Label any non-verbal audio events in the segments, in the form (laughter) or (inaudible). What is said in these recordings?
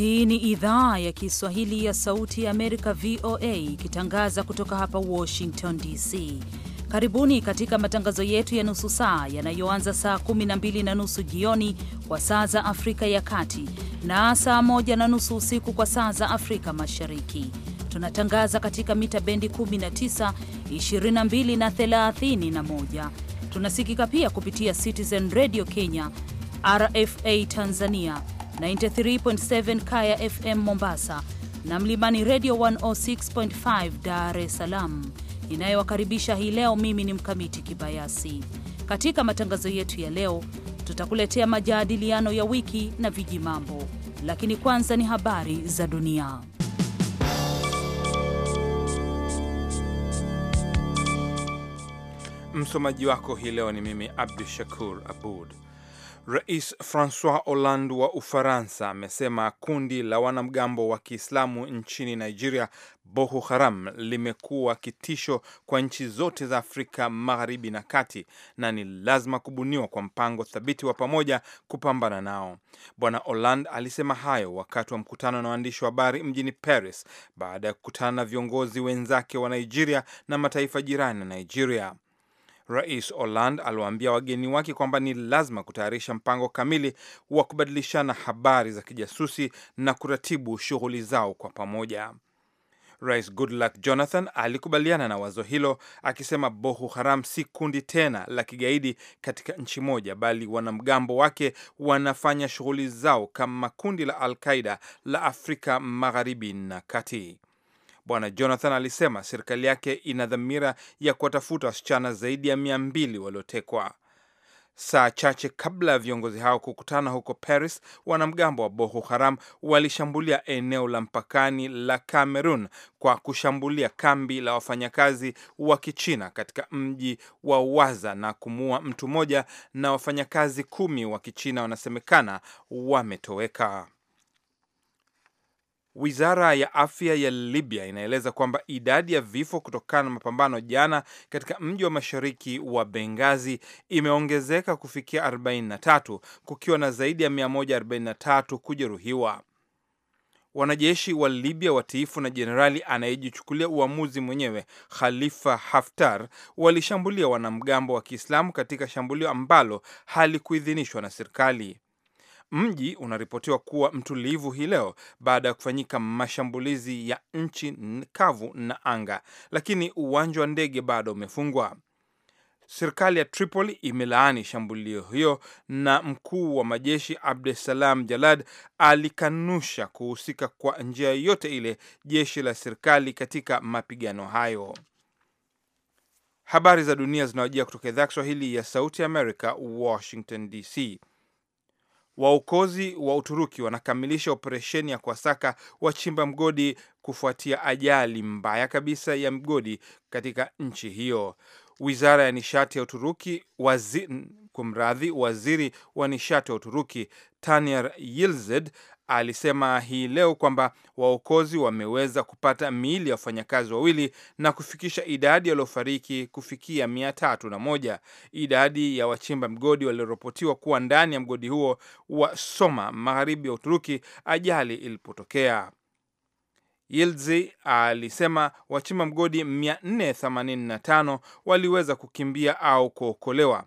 Hii ni idhaa ya Kiswahili ya Sauti ya Amerika, VOA, ikitangaza kutoka hapa Washington DC. Karibuni katika matangazo yetu ya nusu saa yanayoanza saa 12 na nusu jioni kwa saa za Afrika ya Kati na saa 1 na nusu usiku kwa saa za Afrika Mashariki. Tunatangaza katika mita bendi 19, 22 na 31. Tunasikika pia kupitia Citizen Radio Kenya, RFA Tanzania 93.7 Kaya FM Mombasa na Mlimani Radio 106.5 Dar es Salaam. Ninayowakaribisha hii leo mimi ni Mkamiti Kibayasi. Katika matangazo yetu ya leo tutakuletea majadiliano ya wiki na viji mambo, lakini kwanza ni habari za dunia. Msomaji wako hii leo ni mimi Abdu Shakur Abud. Rais Francois Hollande wa Ufaransa amesema kundi la wanamgambo wa Kiislamu nchini Nigeria, Boko Haram, limekuwa kitisho kwa nchi zote za Afrika Magharibi na Kati, na ni lazima kubuniwa kwa mpango thabiti wa pamoja kupambana nao. Bwana Hollande alisema hayo wakati wa mkutano na waandishi wa habari mjini Paris, baada ya kukutana na viongozi wenzake wa Nigeria na mataifa jirani na Nigeria. Rais Hollande aliwaambia wageni wake kwamba ni lazima kutayarisha mpango kamili wa kubadilishana habari za kijasusi na kuratibu shughuli zao kwa pamoja. Rais Goodluck Jonathan alikubaliana na wazo hilo akisema Boko Haram si kundi tena la kigaidi katika nchi moja, bali wanamgambo wake wanafanya shughuli zao kama kundi la Al Qaida la Afrika Magharibi na Kati. Bwana Jonathan alisema serikali yake ina dhamira ya kuwatafuta wasichana zaidi ya mia mbili waliotekwa. Saa chache kabla ya viongozi hao kukutana huko Paris, wanamgambo wa Boko Haram walishambulia eneo la mpakani la Cameroon kwa kushambulia kambi la wafanyakazi wa Kichina katika mji wa Waza na kumuua mtu mmoja, na wafanyakazi kumi wa Kichina wanasemekana wametoweka. Wizara ya afya ya Libya inaeleza kwamba idadi ya vifo kutokana na mapambano jana katika mji wa mashariki wa bengazi imeongezeka kufikia 43 kukiwa na zaidi ya 143 kujeruhiwa. Wanajeshi wa Libya watiifu na jenerali anayejichukulia uamuzi mwenyewe Khalifa Haftar walishambulia wanamgambo wa Kiislamu katika shambulio ambalo halikuidhinishwa na serikali. Mji unaripotiwa kuwa mtulivu hii leo baada ya kufanyika mashambulizi ya nchi kavu na anga, lakini uwanja wa ndege bado umefungwa. Serikali ya Tripoli imelaani shambulio hiyo na mkuu wa majeshi Abdusalam Jalad alikanusha kuhusika kwa njia yoyote ile jeshi la serikali katika mapigano hayo. Habari za dunia zinawajia kutoka idhaa Kiswahili ya Sauti ya Amerika, Washington DC. Waokozi wa Uturuki wanakamilisha operesheni ya kuwasaka wachimba mgodi kufuatia ajali mbaya kabisa ya mgodi katika nchi hiyo. Wizara ya nishati ya Uturuki wazi, kumradhi, waziri wa nishati ya Uturuki Taner Yildiz alisema hii leo kwamba waokozi wameweza kupata miili ya wafanyakazi wawili na kufikisha idadi waliofariki kufikia mia tatu na moja. Idadi ya wachimba mgodi walioripotiwa kuwa ndani ya mgodi huo wa Soma magharibi ya Uturuki ajali ilipotokea. Yildiz alisema wachimba mgodi 485 waliweza kukimbia au kuokolewa.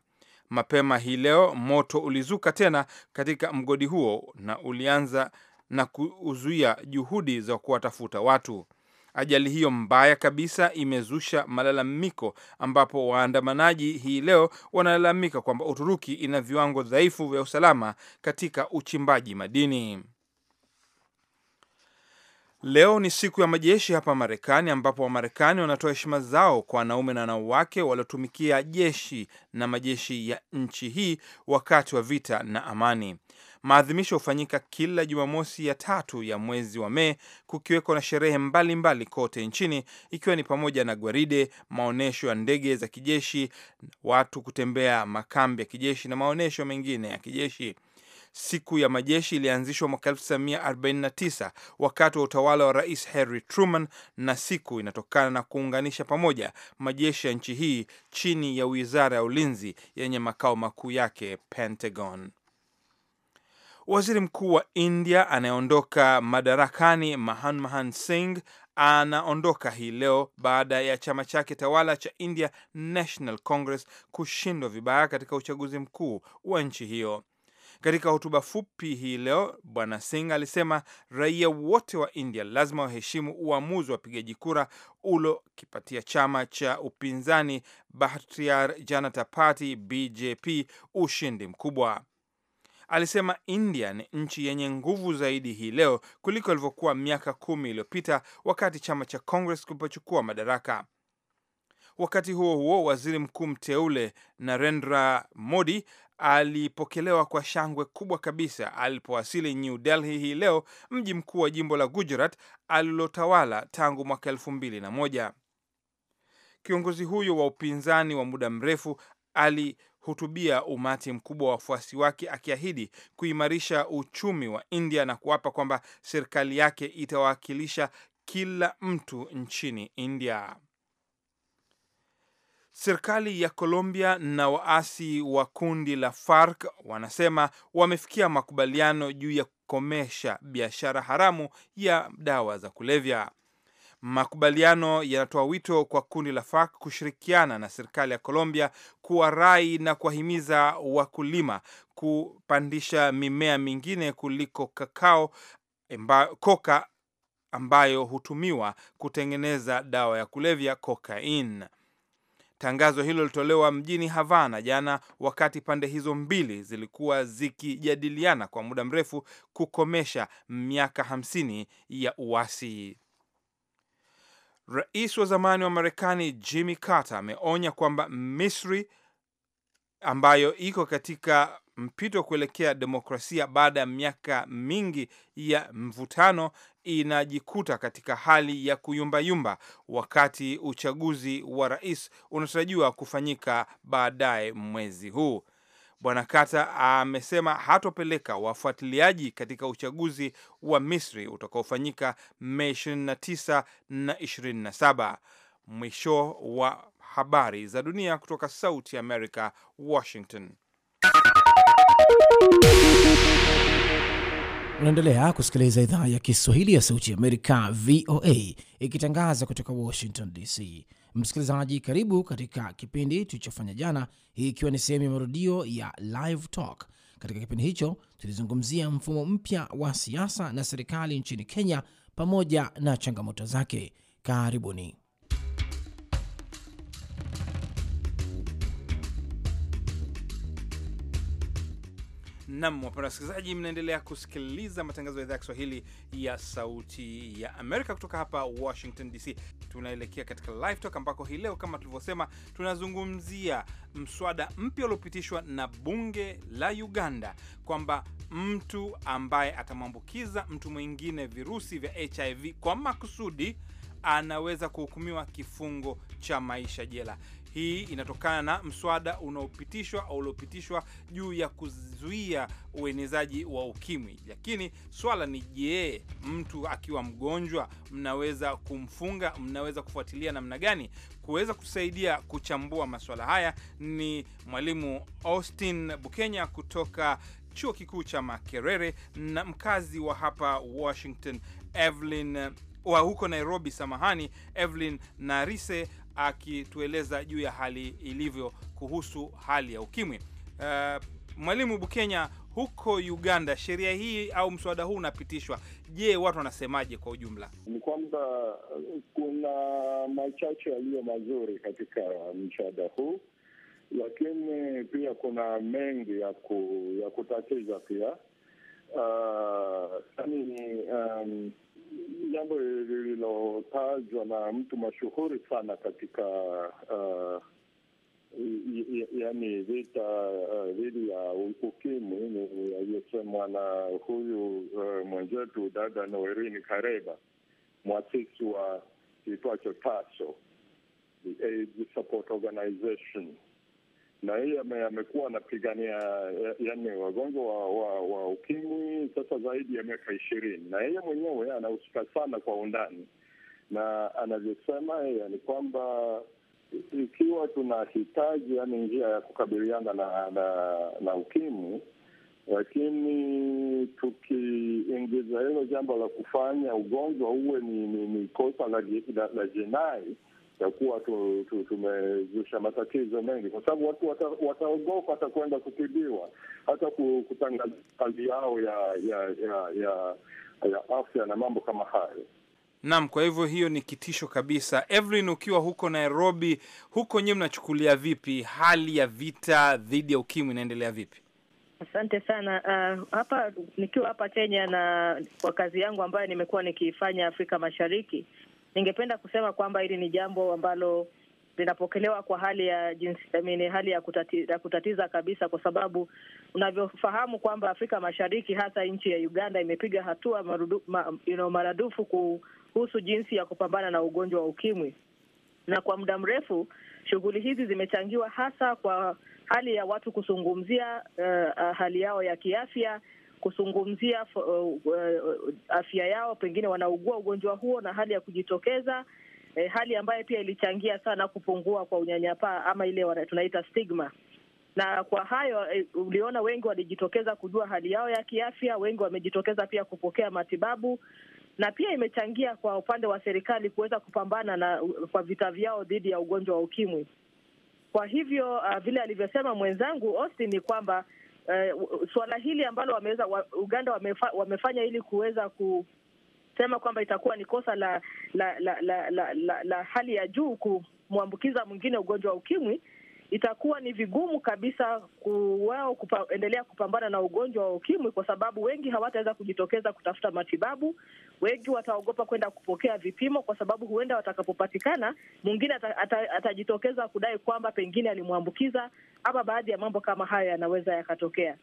Mapema hii leo moto ulizuka tena katika mgodi huo na ulianza na kuzuia juhudi za kuwatafuta watu. Ajali hiyo mbaya kabisa imezusha malalamiko ambapo waandamanaji hii leo wanalalamika kwamba Uturuki ina viwango dhaifu vya usalama katika uchimbaji madini. Leo ni siku ya majeshi hapa Marekani, ambapo Wamarekani wanatoa heshima zao kwa wanaume na wanawake waliotumikia jeshi na majeshi ya nchi hii wakati wa vita na amani. Maadhimisho hufanyika kila Jumamosi ya tatu ya mwezi wa Mei, kukiweko na sherehe mbalimbali mbali kote nchini, ikiwa ni pamoja na gwaride, maonyesho ya ndege za kijeshi, watu kutembea makambi ya kijeshi na maonyesho mengine ya kijeshi. Siku ya majeshi ilianzishwa mwaka 1949 wakati wa utawala wa Rais Harry Truman, na siku inatokana na kuunganisha pamoja majeshi ya nchi hii chini ya wizara ya ulinzi yenye makao makuu yake Pentagon. Waziri mkuu wa India anayeondoka madarakani Manmohan Singh anaondoka hii leo baada ya chama chake tawala cha India National Congress kushindwa vibaya katika uchaguzi mkuu wa nchi hiyo. Katika hotuba fupi hii leo, Bwana Singh alisema raia wote wa India lazima waheshimu uamuzi wa wapigaji kura ulokipatia chama cha upinzani Bharatiya Janata Party BJP ushindi mkubwa. Alisema India ni nchi yenye nguvu zaidi hii leo kuliko ilivyokuwa miaka kumi iliyopita wakati chama cha Congress kilipochukua madaraka. Wakati huo huo, waziri mkuu mteule Narendra Modi alipokelewa kwa shangwe kubwa kabisa alipowasili New Delhi hii leo, mji mkuu wa jimbo la Gujarat alilotawala tangu mwaka elfu mbili na moja. Kiongozi huyo wa upinzani wa muda mrefu alihutubia umati mkubwa wa wafuasi wake akiahidi kuimarisha uchumi wa India na kuapa kwamba serikali yake itawakilisha kila mtu nchini India. Serikali ya Colombia na waasi wa kundi la FARC wanasema wamefikia makubaliano juu ya kukomesha biashara haramu ya dawa za kulevya. Makubaliano yanatoa wito kwa kundi la FARC kushirikiana na serikali ya Colombia kuwarai na kuwahimiza wakulima kupandisha mimea mingine kuliko kakao emba, koka ambayo hutumiwa kutengeneza dawa ya kulevya cocain Tangazo hilo lilitolewa mjini Havana jana wakati pande hizo mbili zilikuwa zikijadiliana kwa muda mrefu kukomesha miaka hamsini ya uasi. Rais wa zamani wa Marekani Jimmy Carter ameonya kwamba Misri ambayo iko katika mpito wa kuelekea demokrasia baada ya miaka mingi ya mvutano inajikuta katika hali ya kuyumbayumba wakati uchaguzi wa rais unatarajiwa kufanyika baadaye mwezi huu. Bwana Kata amesema hatopeleka wafuatiliaji katika uchaguzi wa Misri utakaofanyika Mei 29 na 27. Mwisho wa habari za dunia kutoka Sauti America, Washington. Unaendelea kusikiliza idhaa ya Kiswahili ya Sauti ya Amerika, VOA, ikitangaza kutoka Washington DC. Msikilizaji, karibu katika kipindi tulichofanya jana, hii ikiwa ni sehemu ya marudio ya Live Talk. Katika kipindi hicho tulizungumzia mfumo mpya wa siasa na serikali nchini Kenya pamoja na changamoto zake. Karibuni. Nam, wapenda wasikilizaji, mnaendelea kusikiliza matangazo ya idhaa ya Kiswahili ya Sauti ya Amerika kutoka hapa Washington DC. Tunaelekea katika Live Talk ambako hii leo kama tulivyosema, tunazungumzia mswada mpya uliopitishwa na bunge la Uganda kwamba mtu ambaye atamwambukiza mtu mwingine virusi vya HIV kwa makusudi anaweza kuhukumiwa kifungo cha maisha jela. Hii inatokana na mswada unaopitishwa au uliopitishwa juu ya kuzuia uenezaji wa ukimwi. Lakini swala ni je, mtu akiwa mgonjwa mnaweza kumfunga? Mnaweza kufuatilia namna gani? Kuweza kusaidia kuchambua maswala haya ni mwalimu Austin Bukenya kutoka chuo kikuu cha Makerere na mkazi wa hapa Washington Evelyn wa huko Nairobi, samahani, Evelyn Narise akitueleza juu ya hali ilivyo kuhusu hali ya ukimwi. Uh, Mwalimu Bukenya, huko Uganda sheria hii au mswada huu unapitishwa, je, watu wanasemaje kwa ujumla? Ni kwamba eh, kuna machache yaliyo mazuri katika mswada huu, lakini pia kuna mengi ya, ku, ya kutatiza pia uh, ah, yani, um, jambo lililotajwa na mtu mashuhuri sana katika uh, yaani vita uh, dhidi ya ukimwi ni aliyosemwa na huyu uh, mwenzetu dada Noerini Kareba, mwasisi wa kiitwacho TASO, the AIDS Support Organization na yeye amekuwa anapigania eh, yani wagonjwa wa, wa, wa ukimwi sasa zaidi ya miaka ishirini, na yeye mwenyewe anahusika sana kwa undani, na anavyosema yeye ni kwamba ikiwa tunahitaji yani njia ya kukabiliana na, na, na ukimwi, lakini tukiingiza hilo jambo la kufanya ugonjwa uwe ni, ni, ni kosa la, la, la jinai itakuwa tumezusha matatizo mengi, kwa sababu watu wataogopa wata hata kwenda kutibiwa, hata kutangaza hali yao ya ya, ya, ya, ya afya na mambo kama hayo. Naam, kwa hivyo hiyo ni kitisho kabisa. Evelyn, ukiwa huko Nairobi, huko nyewe mnachukulia vipi hali ya vita dhidi ya ukimwi inaendelea vipi? Asante sana. Uh, hapa nikiwa hapa Kenya na kwa kazi yangu ambayo nimekuwa nikiifanya Afrika Mashariki Ningependa kusema kwamba hili ni jambo ambalo linapokelewa kwa hali ya jinsi, I mean, hali ya kutatiza, kutatiza kabisa kwa sababu unavyofahamu kwamba Afrika Mashariki hasa nchi ya Uganda imepiga hatua marudu, ma, you know, maradufu kuhusu jinsi ya kupambana na ugonjwa wa ukimwi, na kwa muda mrefu shughuli hizi zimechangiwa hasa kwa hali ya watu kuzungumzia uh, uh, hali yao ya kiafya kuzungumzia uh, uh, afya yao, pengine wanaugua ugonjwa huo na hali ya kujitokeza eh, hali ambayo pia ilichangia sana kupungua kwa unyanyapaa ama ile tunaita stigma na kwa hayo eh, uliona wengi walijitokeza kujua hali yao ya kiafya, wengi wamejitokeza pia kupokea matibabu, na pia imechangia kwa upande wa serikali kuweza kupambana na uh, kwa vita vyao dhidi ya ugonjwa wa ukimwi. Kwa hivyo uh, vile alivyosema mwenzangu Austin ni kwamba uh, eh, suala hili ambalo wameweza wa, Uganda wamefa, wamefanya ili kuweza kusema kwamba itakuwa ni kosa la la la, la, la, la, la hali ya juu kumwambukiza mwingine ugonjwa wa ukimwi itakuwa ni vigumu kabisa wao kuendelea kupambana na ugonjwa wa ukimwi, kwa sababu wengi hawataweza kujitokeza kutafuta matibabu. Wengi wataogopa kwenda kupokea vipimo, kwa sababu huenda watakapopatikana, mwingine atajitokeza ata, ata kudai kwamba pengine alimwambukiza, ama baadhi ya mambo kama hayo yanaweza yakatokea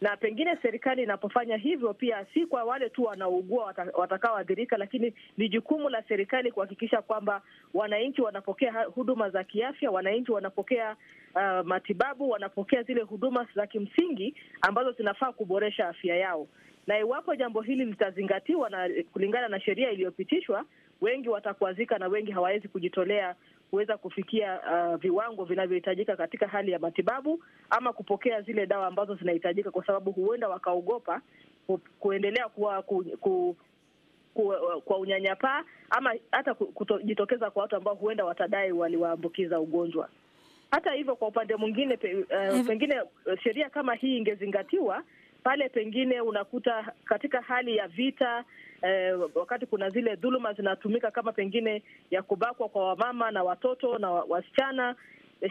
na pengine serikali inapofanya hivyo pia si kwa wale tu wanaougua watakaoathirika, lakini ni jukumu la serikali kuhakikisha kwamba wananchi wanapokea huduma za kiafya, wananchi wanapokea uh, matibabu, wanapokea zile huduma za kimsingi ambazo zinafaa kuboresha afya yao. Na iwapo jambo hili litazingatiwa na kulingana na sheria iliyopitishwa, wengi watakwazika na wengi hawawezi kujitolea kuweza kufikia uh, viwango vinavyohitajika katika hali ya matibabu ama kupokea zile dawa ambazo zinahitajika, kwa sababu huenda wakaogopa kuendelea kuwa ku, ku, ku, kwa unyanyapaa ama hata kutojitokeza kwa watu ambao huenda watadai waliwaambukiza ugonjwa. Hata hivyo, kwa upande mwingine pe, uh, pengine uh, sheria kama hii ingezingatiwa pale pengine unakuta katika hali ya vita eh, wakati kuna zile dhuluma zinatumika kama pengine ya kubakwa kwa wamama na watoto na wasichana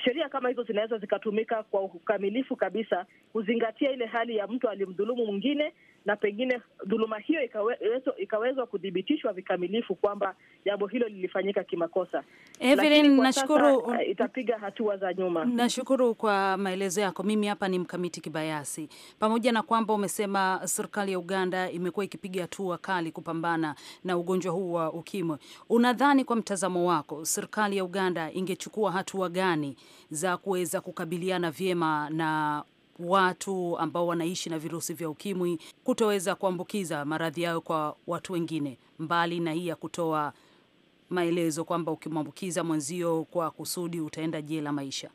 sheria kama hizo zinaweza zikatumika kwa ukamilifu kabisa kuzingatia ile hali ya mtu alimdhulumu mwingine, na pengine dhuluma hiyo ikawezwa kudhibitishwa kuthibitishwa vikamilifu kwamba jambo hilo lilifanyika kimakosa. Evelyn, nashukuru, eh, itapiga hatua za nyuma. Nashukuru kwa maelezo yako. Mimi hapa ni mkamiti kibayasi. Pamoja na kwamba umesema serikali ya Uganda imekuwa ikipiga hatua kali kupambana na ugonjwa huu wa ukimwi, unadhani kwa mtazamo wako serikali ya Uganda ingechukua hatua gani za kuweza kukabiliana vyema na watu ambao wanaishi na virusi vya ukimwi kutoweza kuambukiza maradhi yao kwa watu wengine, mbali na hii ya kutoa maelezo kwamba ukimwambukiza mwenzio kwa kusudi utaenda jela maisha?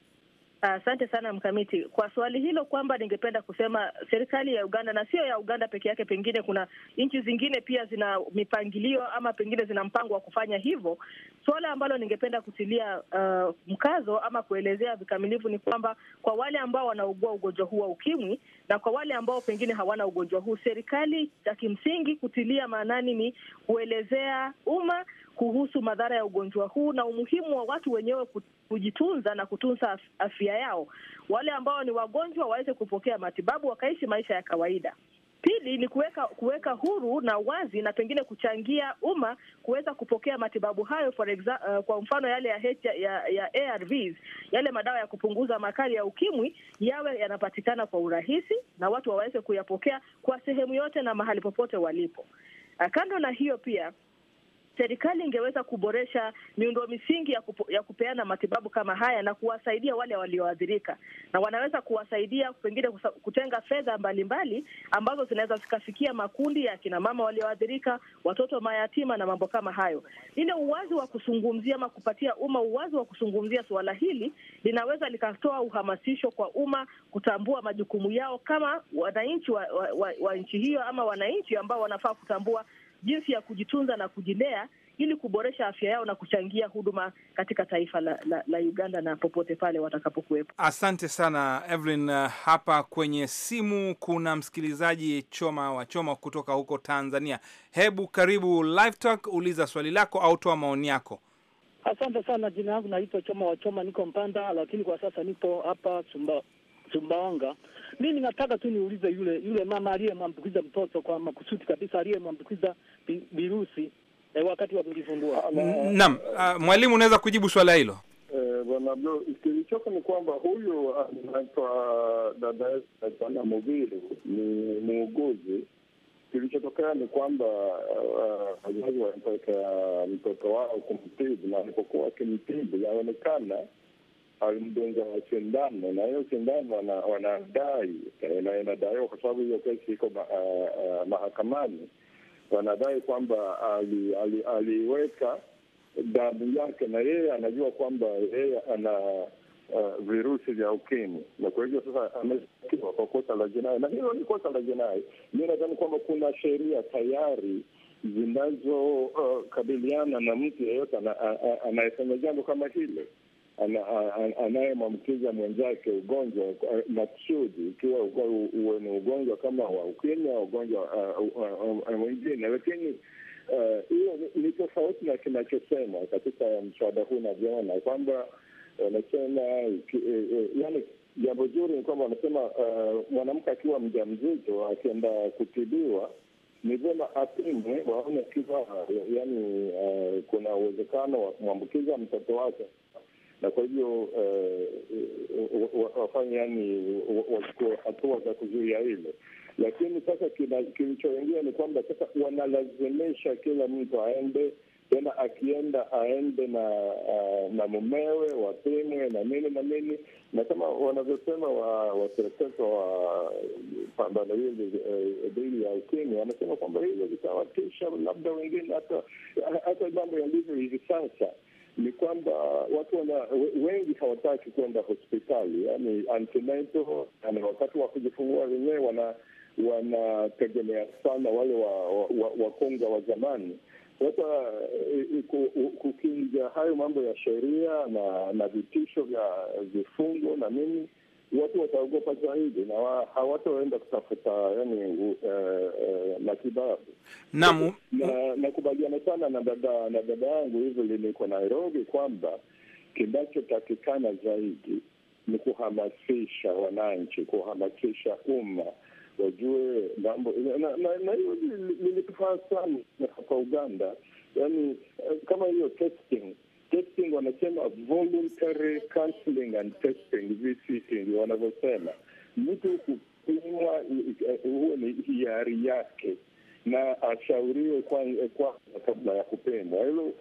Asante uh, sana mkamiti kwa swali hilo, kwamba ningependa kusema serikali ya Uganda na sio ya Uganda peke yake, pengine kuna nchi zingine pia zina mipangilio ama pengine zina mpango wa kufanya hivyo. Suala ambalo ningependa kutilia uh, mkazo ama kuelezea vikamilifu ni kwamba kwa wale ambao wanaugua ugonjwa huu wa ukimwi na kwa wale ambao pengine hawana ugonjwa huu, serikali ya kimsingi kutilia maanani ni kuelezea umma kuhusu madhara ya ugonjwa huu na umuhimu wa watu wenyewe kujitunza na kutunza afya yao. Wale ambao ni wagonjwa waweze kupokea matibabu, wakaishi maisha ya kawaida. Pili ni kuweka kuweka huru na wazi na pengine kuchangia umma kuweza kupokea matibabu hayo for exa, uh, kwa mfano yale ya, ya, ya ARVs yale madawa ya kupunguza makali ya ukimwi yawe yanapatikana kwa urahisi na watu waweze kuyapokea kwa sehemu yote na mahali popote walipo. Ah, kando na hiyo pia serikali ingeweza kuboresha miundo misingi ya, kupo, ya kupeana matibabu kama haya na kuwasaidia wale walioathirika, na wanaweza kuwasaidia pengine kutenga fedha mbalimbali ambazo zinaweza zikafikia makundi ya kinamama walioathirika, watoto mayatima na mambo kama hayo. Ile uwazi wa kuzungumzia ama kupatia umma uwazi wa kuzungumzia suala hili linaweza likatoa uhamasisho kwa umma kutambua majukumu yao kama wananchi wa, wa, wa, wa nchi hiyo ama wananchi ambao wanafaa kutambua jinsi ya kujitunza na kujilea ili kuboresha afya yao na kuchangia huduma katika taifa la, la, la Uganda na popote pale watakapokuwepo. Asante sana Evelyn. Uh, hapa kwenye simu kuna msikilizaji Choma wa Choma kutoka huko Tanzania. Hebu karibu Live Talk, uliza swali lako au toa maoni yako. Asante sana. Jina langu naitwa Choma wa Choma, niko Mpanda, lakini kwa sasa nipo hapa Sumbawanga. Mimi nataka tu niulize yule yule mama aliyemwambukiza mtoto kwa makusudi kabisa, aliyemwambukiza virusi eh, wakati wa kujifungua. Ah, Naam, ah, mwalimu, unaweza kujibu swala hilo? Eh, bwana Blo, kilichoko ni kwamba huyu ah, anaitwa dada yetu Ana Mubiru ni muuguzi. Kilichotokea ni kwamba wazazi walimpeleka mtoto wao kumtibu, na alipokuwa akimtibu yaonekana alimdunga sindano, na hiyo sindano wanadai eh, na inadaiwa kwa sababu hiyo kesi iko eh, eh, mahakamani, wanadai kwamba aliweka damu yake, na yeye anajua kwamba yeye ana Uh, virusi vya ukimwi na kwa hivyo sasa ameshtakiwa kwa kosa la jinai, na hilo ni kosa la jinai. Mi nadhani kwamba kuna sheria tayari zinazokabiliana uh, na mtu yeyote anayefanya jambo kama hilo anayemwambukiza mwenzake ugonjwa makusudi, ikiwa uwe ni ugonjwa kama wa ukimwi au ugonjwa mwingine. Lakini hiyo ni tofauti na kinachosema katika mswada huu, navyoona kwamba wanasema e, e, yani jambo zuri ni kwamba wanasema mwanamke akiwa mja mzito akienda kutibiwa ni vyema apimwe, waone kiwa yani kuna uwezekano wa kumwambukiza mtoto wake na kwa hivyo eh, wafanye yani, wachukue hatua za kuzuia hilo. Lakini sasa kilichoingia ni kwamba sasa wanalazimisha kila mtu aende tena, akienda aende na na mumewe, wapimwe na nini na nini, na kama wanavyosema waserekeza wa pambano hili eh, dhidi ya ukimwi, wanasema kwamba hivyo vitawatisha labda wengine, hata mambo yalivyo hivi sasa ni kwamba watu wana, wengi hawataki kwenda hospitali, yani antenatal yani, wakati wa kujifungua wenyewe wana wanategemea sana wale wakonga wa, wa, wa, wa zamani. Sasa eh, kukinja hayo mambo ya sheria na na vitisho vya vifungo na nini watu wataogopa zaidi na wa, hawataenda kutafuta yani e, e, matibabu. Naam, nakubaliana sana na dada na dada yangu hivyo liniko Nairobi kwamba kinachotakikana zaidi ni kuhamasisha wananchi, kuhamasisha umma wajue mambo na hiyo lilitufaa sana hapa Uganda, yani eh, kama hiyo testing testing wanasema voluntary counseling and testing VCT, wanavyosema mtu kupimwa, eh, huo ni hiari yake na ashauriwe kwanza kwa, kabla ya kupimwa. Hilo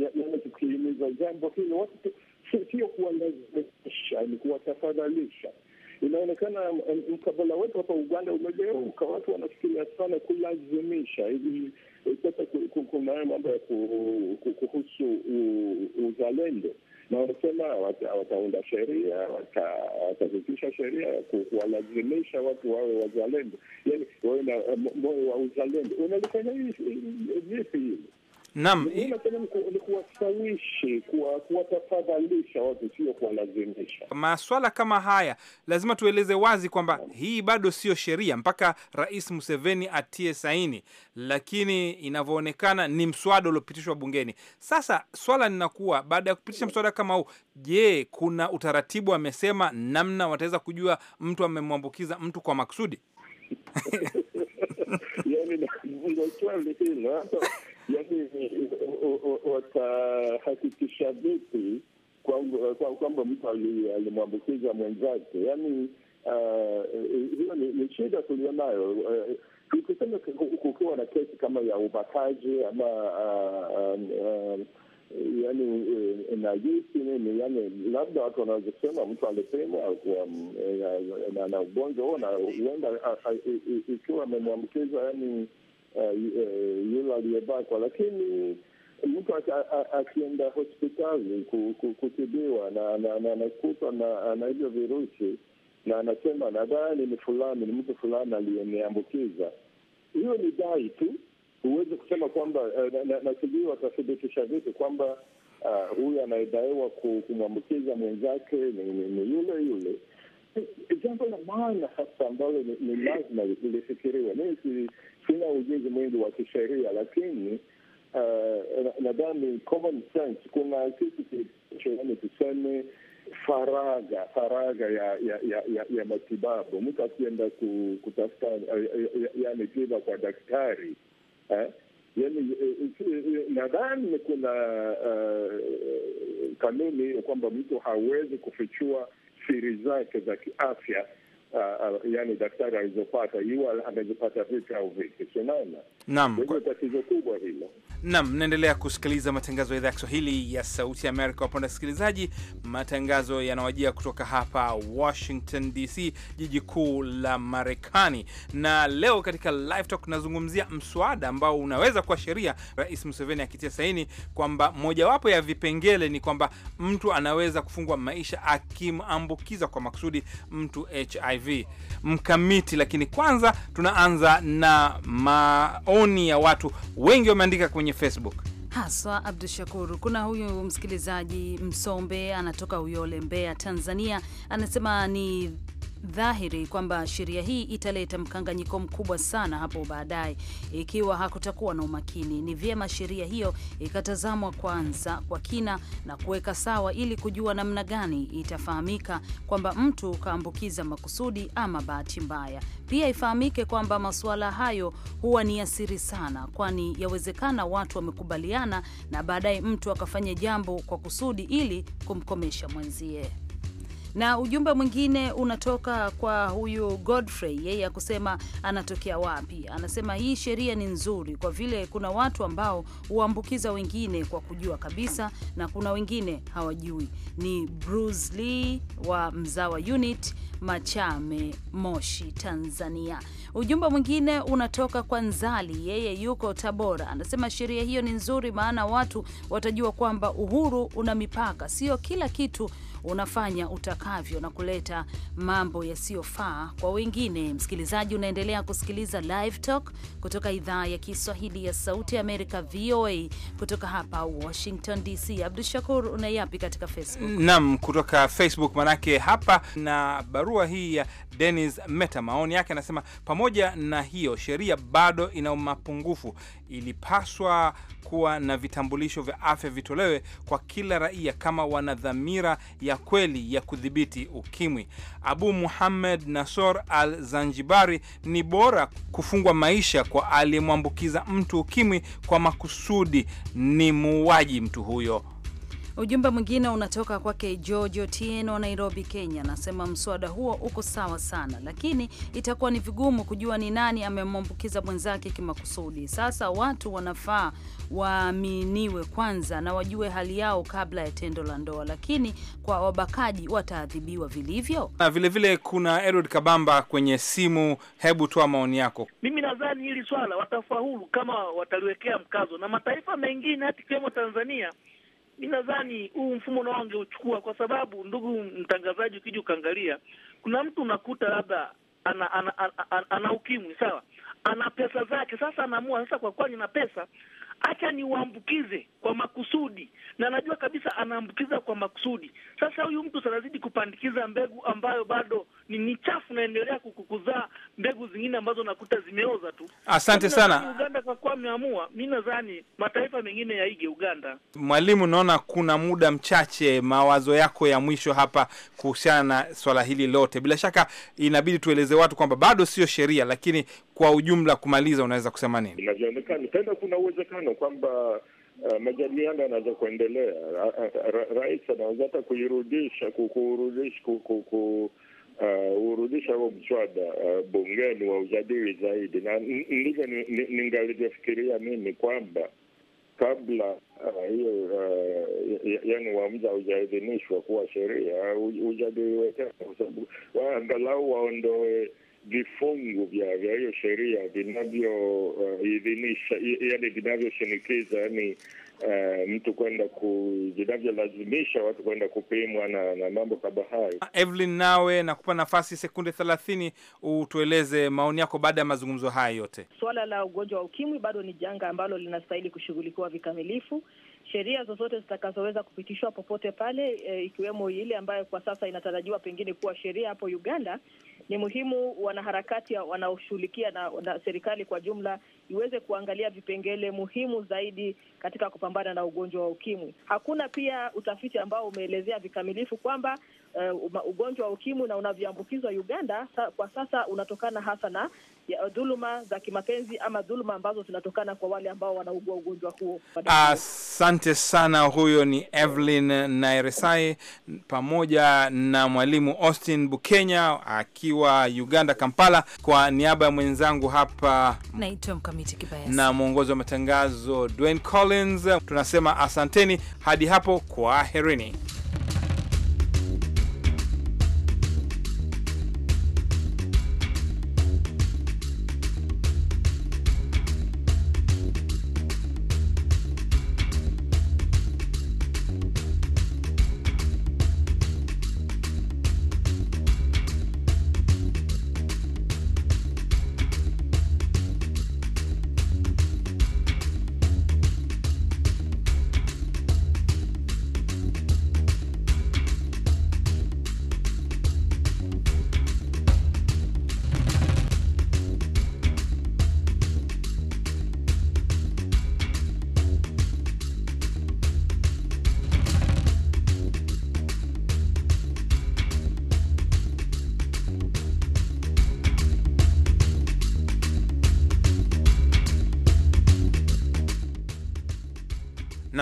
yaani, tukihimiza jambo hilo watu sio kuwalazimisha, ni kuwatafadhalisha. Inaonekana eh, mkabala wetu hapa Uganda umegeuka, watu wanafikiria sana kulazimisha hivi sasa kunayo mambo ya kuhusu uzalendo, na wanasema wataunda sheria, watapitisha sheria ya kuwalazimisha watu wawe wazalendo, yani wawe na moyo wa uzalendo. Unalifanya vipi hili? Naam, ni kuwashawishi, kuwatafadhalisha watu, sio kuwalazimisha. Maswala kama haya lazima tueleze wazi kwamba hii bado sio sheria mpaka Rais Museveni atie saini, lakini inavyoonekana ni mswada uliopitishwa bungeni. Sasa swala linakuwa baada ya kupitisha mswada kama huu, je, kuna utaratibu amesema namna wataweza kujua mtu amemwambukiza mtu kwa maksudi (laughs) yaani, yani eh, eh, eh, watahakikisha vipi kwamba mtu alimwambukiza mwenzake? Yani hiyo ni shida tulionayo. Tuseme kukiwa na kesi kama ya ubakaji ama yani najisi nini, yani labda watu wanaweza kusema mtu alipimwa na ugonjwa huo, na huenda ikiwa amemwambukiza yani uh, yule aliyebakwa, lakini mtu akienda hospitali kutibiwa na na, ana hivyo virusi na anasema nadhani ni fulani, ni mtu fulani aliyeniambukiza, hiyo ni dai tu. Huwezi kusema kwamba eh, na sijui watathibitisha vipi kwamba ah, huyu anayedaiwa kumwambukiza mwenzake ni yule yule. Jambo la maana hasa ambalo ni lazima lifikiriwe sina ujuzi mwingi wa kisheria, lakini uh, nadhani common sense, kuna kitu kichoni tuseme faraga faraga ya ya ya, ya, ya matibabu. Mtu akienda kutafuta yaani tiba kwa daktari eh? Yani, nadhani kuna uh, kanuni hiyo kwamba mtu hawezi kufichua siri zake za kiafya uh, yani daktari alizopata iwa amezipata vipi au vipi? Unaona, naam, hivyo tatizo kubwa hilo. Naam, naendelea kusikiliza matangazo ya idhaa ya Kiswahili ya Sauti ya Amerika. Wapenda wasikilizaji, matangazo yanawajia kutoka hapa Washington DC, jiji kuu la Marekani, na leo katika Live Talk tunazungumzia mswada ambao unaweza kuwa sheria, Rais Museveni akitia saini kwamba mojawapo ya vipengele ni kwamba mtu anaweza kufungwa maisha akimambukiza kwa makusudi mtu HIV TV mkamiti. Lakini kwanza tunaanza na maoni ya watu wengi, wameandika kwenye Facebook haswa Abdu Shakur. Kuna huyu msikilizaji Msombe, anatoka Uyole, Mbeya, Tanzania, anasema ni dhahiri kwamba sheria hii italeta mkanganyiko mkubwa sana hapo baadaye ikiwa hakutakuwa na umakini. Ni vyema sheria hiyo ikatazamwa kwanza kwa kina na kuweka sawa, ili kujua namna gani itafahamika kwamba mtu kaambukiza makusudi ama bahati mbaya. Pia ifahamike kwamba masuala hayo huwa ni ya siri sana, kwani yawezekana watu wamekubaliana na baadaye mtu akafanya jambo kwa kusudi ili kumkomesha mwenzie. Na ujumbe mwingine unatoka kwa huyu Godfrey, yeye akusema anatokea wapi. Anasema hii sheria ni nzuri kwa vile kuna watu ambao huambukiza wengine kwa kujua kabisa na kuna wengine hawajui. Ni Bruce Lee wa Mzawa Unit, Machame, Moshi, Tanzania. Ujumbe mwingine unatoka kwa Nzali, yeye yuko Tabora, anasema sheria hiyo ni nzuri, maana watu watajua kwamba uhuru una mipaka, sio kila kitu unafanya utakavyo na kuleta mambo yasiyofaa kwa wengine. Msikilizaji, unaendelea kusikiliza Live Talk kutoka idhaa ya Kiswahili ya Sauti Amerika, VOA, kutoka hapa Washington DC. Abdu Shakur, unayapi katika Facebook? Naam, kutoka Facebook manake hapa na barua hii ya Denis Meta, maoni yake anasema pamoja pamoja na hiyo, sheria bado ina mapungufu. Ilipaswa kuwa na vitambulisho vya afya vitolewe kwa kila raia kama wana dhamira ya kweli ya kudhibiti ukimwi. Abu Muhammad Nasor Al Zanjibari, ni bora kufungwa maisha kwa aliyemwambukiza mtu ukimwi kwa makusudi, ni muuaji mtu huyo. Ujumbe mwingine unatoka kwake George Otieno, Nairobi, Kenya, anasema mswada huo uko sawa sana, lakini itakuwa ni vigumu kujua ni nani amemwambukiza mwenzake kimakusudi. Sasa watu wanafaa waaminiwe kwanza na wajue hali yao kabla ya tendo la ndoa, lakini kwa wabakaji wataadhibiwa vilivyo. Na vilevile kuna Edward Kabamba kwenye simu, hebu toa maoni yako. Mimi nadhani hili swala watafaulu kama wataliwekea mkazo, na mataifa mengine hata ikiwemo Tanzania mi nadhani huu mfumo nao angeuchukua, kwa sababu ndugu mtangazaji, ukija ukaangalia, kuna mtu unakuta labda ana, ana, ana, ana, ana ukimwi sawa, ana pesa zake. Sasa anaamua sasa, kwa kuwa nina pesa acha niwaambukize kwa makusudi, na najua kabisa anaambukiza kwa makusudi. Sasa huyu mtu sanazidi kupandikiza mbegu ambayo bado ni, ni chafu, naendelea kukuzaa mbegu zingine ambazo nakuta zimeoza tu. Asante sana. Uganda kwa kuwa ameamua, mi nadhani mataifa mengine yaige Uganda. Mwalimu, naona kuna muda mchache, mawazo yako ya mwisho hapa kuhusiana na swala hili lote. Bila shaka inabidi tueleze watu kwamba bado sio sheria, lakini kwa ujumla kumaliza, unaweza kusema nini? Inavyoonekana, kuna uwezekano uwezekano kwamba uh, majadiliano yanaweza kuendelea. Rais anaweza hata kuirudisha kuurudisha eh, huo mswada eh, bungeni wa ujadili zaidi, na ndivyo ningalivyofikiria mimi kwamba kabla hiyo uh, uh, yaani uamuzi haujaidhinishwa kuwa sheria ujadiliwe tena, kwa sababu angalau waondoe vifungu vya hiyo sheria vinavyoidhinisha uh, yani vinavyoshinikiza yani Uh, mtu kwenda vinavyolazimisha watu kwenda kupimwa na, na mambo kama hayo. Ah, Evelyn, nawe nakupa nafasi sekunde thelathini utueleze maoni yako baada ya mazungumzo haya yote. Suala la ugonjwa wa ukimwi bado ni janga ambalo linastahili kushughulikiwa vikamilifu. Sheria zozote zitakazoweza kupitishwa popote pale, e, ikiwemo ile ambayo kwa sasa inatarajiwa pengine kuwa sheria hapo Uganda ni muhimu wanaharakati wanaoshughulikia na, na serikali kwa jumla iweze kuangalia vipengele muhimu zaidi katika kupambana na ugonjwa wa ukimwi. Hakuna pia utafiti ambao umeelezea vikamilifu kwamba uh, ugonjwa wa ukimwi na unavyoambukizwa Uganda sa, kwa sasa unatokana hasa na ya dhuluma za kimapenzi ama dhuluma ambazo zinatokana kwa wale ambao wanaugua ugonjwa huo. Asante sana. Huyo ni Evelyn Nairesai pamoja na mwalimu Austin Bukenya akiwa Uganda, Kampala. Kwa niaba ya mwenzangu hapa naitwa Mkamiti Kibayasi na mwongozi wa matangazo Dwayne Collins, tunasema asanteni hadi hapo, kwa herini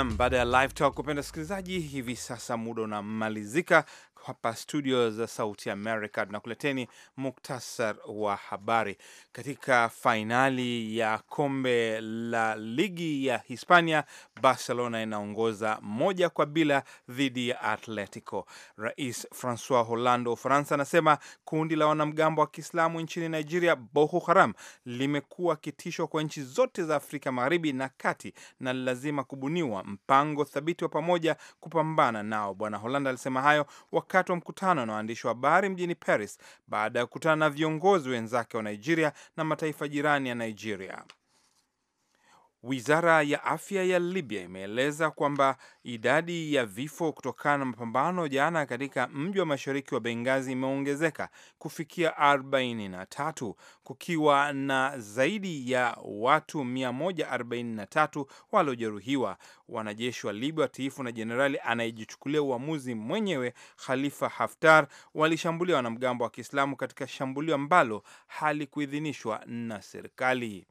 Nam, baada ya live talk, upenda sikilizaji, hivi sasa muda unamalizika hapa studio za Sauti america tunakuleteni muktasar wa habari. Katika fainali ya kombe la ligi ya Hispania, Barcelona inaongoza moja kwa bila dhidi ya Atletico. Rais Francois Hollande wa Ufaransa anasema kundi la wanamgambo wa Kiislamu nchini Nigeria, Boko Haram, limekuwa kitisho kwa nchi zote za Afrika magharibi na kati, na lazima kubuniwa mpango thabiti wa pamoja kupambana nao. Bwana Hollande alisema hayo wakati wa mkutano na waandishi wa habari mjini Paris baada ya kukutana na viongozi wenzake wa Nigeria na mataifa jirani ya Nigeria. Wizara ya afya ya Libya imeeleza kwamba idadi ya vifo kutokana na mapambano jana katika mji wa mashariki wa Bengazi imeongezeka kufikia 43 kukiwa na zaidi ya watu 143 waliojeruhiwa. Wanajeshi wa Libya watiifu na jenerali anayejichukulia uamuzi mwenyewe Khalifa Haftar walishambulia wanamgambo wa Kiislamu katika shambulio ambalo halikuidhinishwa na serikali.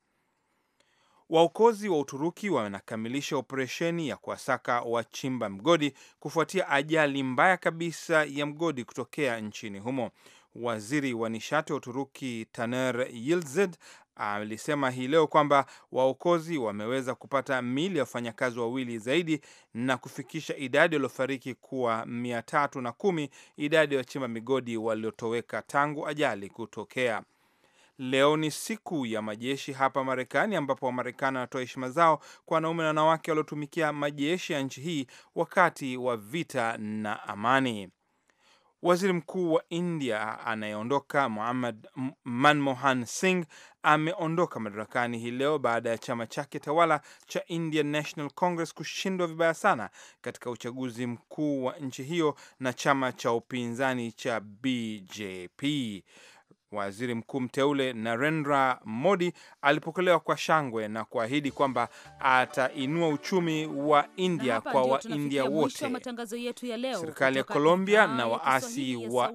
Waokozi wa Uturuki wanakamilisha operesheni ya kuwasaka wachimba mgodi kufuatia ajali mbaya kabisa ya mgodi kutokea nchini humo. Waziri wa nishati wa Uturuki Taner Yildiz alisema hii leo kwamba waokozi wameweza kupata mili ya wafanyakazi wawili zaidi na kufikisha idadi waliofariki kuwa mia tatu na kumi, idadi ya wachimba migodi waliotoweka tangu ajali kutokea. Leo ni siku ya majeshi hapa Marekani, ambapo Wamarekani wanatoa heshima zao kwa wanaume na wanawake waliotumikia majeshi ya nchi hii wakati wa vita na amani. Waziri mkuu wa India anayeondoka Muhammad Manmohan Singh ameondoka madarakani hii leo baada ya chama chake tawala cha Indian National Congress kushindwa vibaya sana katika uchaguzi mkuu wa nchi hiyo na chama cha upinzani cha BJP. Waziri mkuu mteule Narendra Modi alipokelewa kwa shangwe na kuahidi kwamba atainua uchumi wa India kwa Waindia wote. Serikali ya Colombia na waasi wa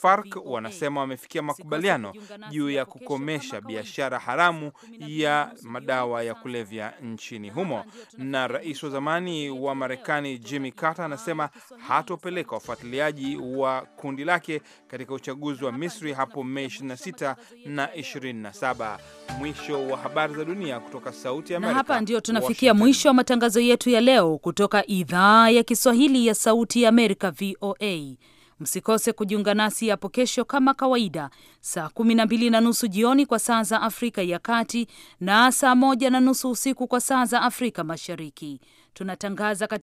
FARC wanasema wamefikia makubaliano juu ya kukomesha biashara haramu ya madawa ya kulevya nchini humo, na rais wa zamani wa Marekani Jimmy Carter anasema hatopeleka wafuatiliaji wa kundi lake katika uchaguzi wa Misri hapo Mei 26 na 27. Mwisho wa habari za dunia kutoka Sauti ya Amerika. Na hapa ndio tunafikia Mwisho wa matangazo yetu ya leo kutoka idhaa ya Kiswahili ya Sauti ya Amerika, VOA. Msikose kujiunga nasi hapo kesho kama kawaida, saa kumi na mbili na nusu jioni kwa saa za Afrika ya Kati na saa moja na nusu usiku kwa saa za Afrika Mashariki. Tunatangaza